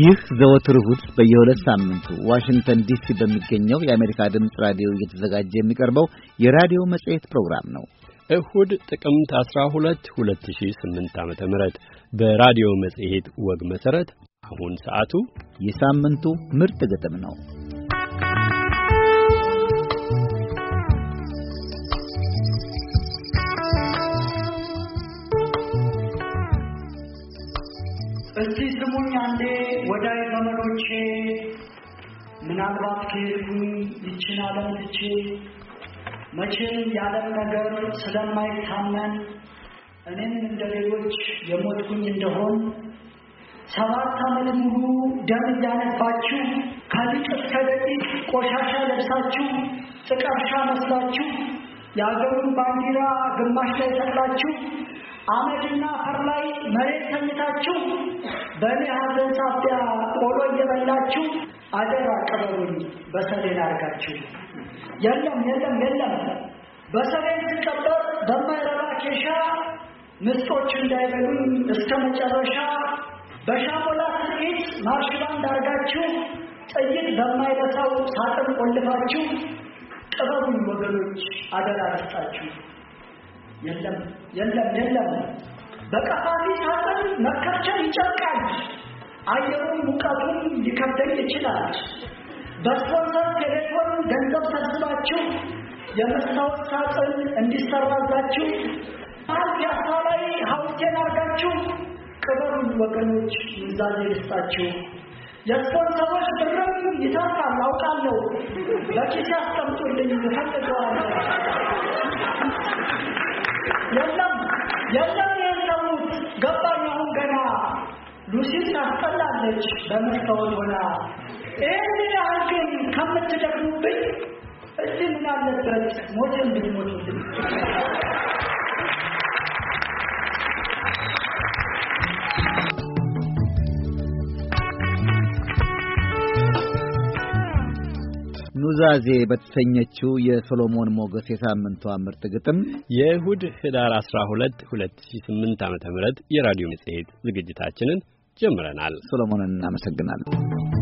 ይህ ዘወትር እሁድ በየሁለት ሳምንቱ ዋሽንግተን ዲሲ በሚገኘው የአሜሪካ ድምፅ ራዲዮ እየተዘጋጀ የሚቀርበው የራዲዮ መጽሔት ፕሮግራም ነው። እሁድ ጥቅምት 12 2008 ዓ.ም በራዲዮ መጽሔት ወግ መሠረት አሁን ሰዓቱ የሳምንቱ ምርጥ ግጥም ነው። እስቲ ስሙኝ አንዴ ወዳይ ዘመዶቼ፣ ምናልባት ከሄድኩኝ ይችን ዓለም ትቼ መቼም የዓለም ነገር ስለማይታመን እኔም እንደ ሌሎች የሞትኩኝ እንደሆን ሰባት ዓመት ሙሉ ደም እያነባችሁ ከሊቅ እስከ ደቂቅ ቆሻሻ ለብሳችሁ ጥቀርሻ መስላችሁ የአገሩን ባንዲራ ግማሽ ላይ ሰቅላችሁ አመድና አፈር ላይ መሬት ተኝታችሁ በእኔ ሀዘን ሳቢያ ቆሎ እየበላችሁ አደራ አቀበሉኝ በሰሌን አድርጋችሁ። የለም የለም የለም በሰሌን ስቀበር በማይረባ ኬሻ ምስጦች እንዳይበሉኝ እስከ መጨረሻ በሻሞላ ስርኢት ማርሽባን ዳርጋችሁ ጥይት በማይበሳው ሳጥን ቆልፋችሁ ቅበሩኝ ወገኖች አደራ ረስታችሁ የለም የለም የለም። በቀፋፊ ሳጥን መከርቸር ይጨርቃል። አየሩን ሙቀቱን ሊከብደኝ ይችላል። በስፖንሰር ቴሌፎን ገንዘብ ሰብስባችሁ የመስታወት ሳጥን እንዲሰራላችሁ አል ፒያሳ ላይ ሐውልቴን አርጋችሁ ቅበሩን ወገኖች ምዛዜ ልስጣችሁ። የስፖንሰሮች ብርም ይተርፋል አውቃለሁ። በኪስ ያስቀምጡልኝ እፈልገዋለሁ። የለም ያሰቡት ገባኝ። አሁን ገና ሉሲ ታስጠላለች በመስታወት ሆና። ይህን ያህል ግን ከምትደክሙብኝ እዚህ ምን አለበት ሞትን ብትሞቱ ኑዛዜ በተሰኘችው የሶሎሞን ሞገስ የሳምንቷ ምርጥ ግጥም የእሁድ ህዳር 12 2008 ዓ.ም የራዲዮ መጽሔት ዝግጅታችንን ጀምረናል። ሶሎሞንን እናመሰግናለን።